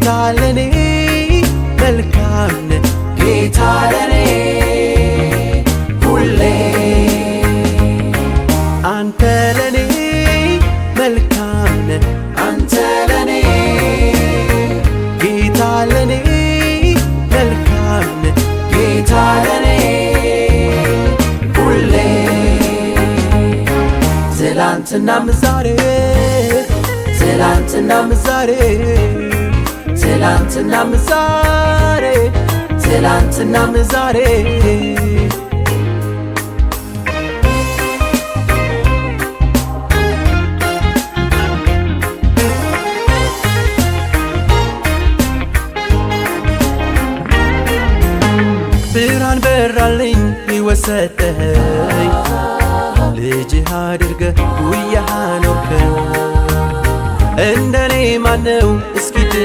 ጌታ ለኔ መልካም ነው። ጌታ ለኔ ሁሌ አንተ ለኔ መልካም አንተ ለኔ ጌታ ለኔ መልካም ነው። ጌታ ለኔ ሁሌ ትላንትናም ዛሬ ትላንትናም ዛሬ ትላንትናም ዛሬ ትላንትናም ዛሬ ብርሃን በራልኝ ይወሰጠኸኝ ልጅህ አድርገህ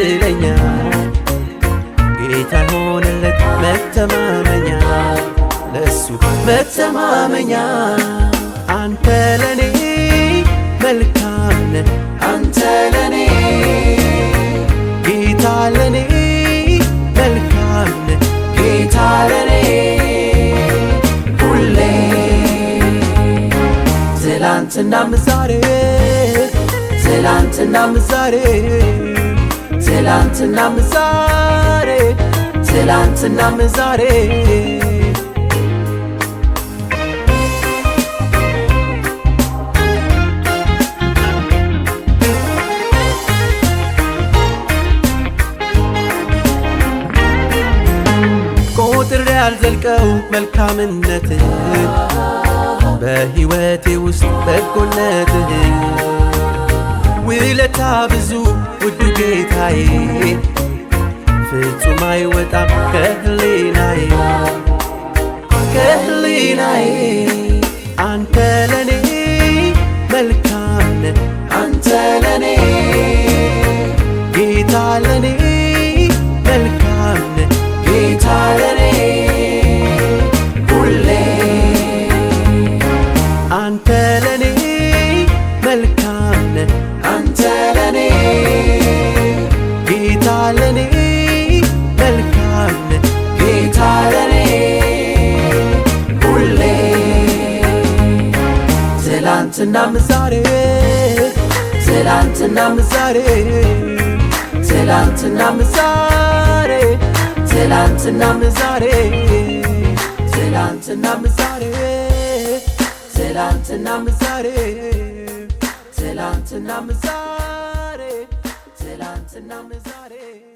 ይለኛ ጌታ ሆነለት መተማመኛ ለሱ መተማመኛ አንተ ለኔ መልካም አንተ ለኔ ጌታ ለኔ መልካም ጌታ ለኔ ሁሌ ትላንትናም ዛሬ ትላንትናም ዛሬ ትላንትናም ዛሬ ትላንትናም ዛሬ ቆጥሬ ያልዘልቀው መልካምነትህ በሕይወቴ ውስጥ በጎነትህ ውለታ ብዙ ውድ ጌታዬ ፍጹም አይወጣም ከህሊናዬ ከህሊናዬ አንተ ለኔ መልካም ነህ አንተ ለኔ ጌታ ለኔ ትናም ዛሬ ትላንትናም ዛሬ ትላንትናም ዛሬ ትላንትናም ዛሬ ትላንትናም ዛሬ ትላንትናም ዛሬ ትላንትናም ዛሬ ትላንትናም ዛሬ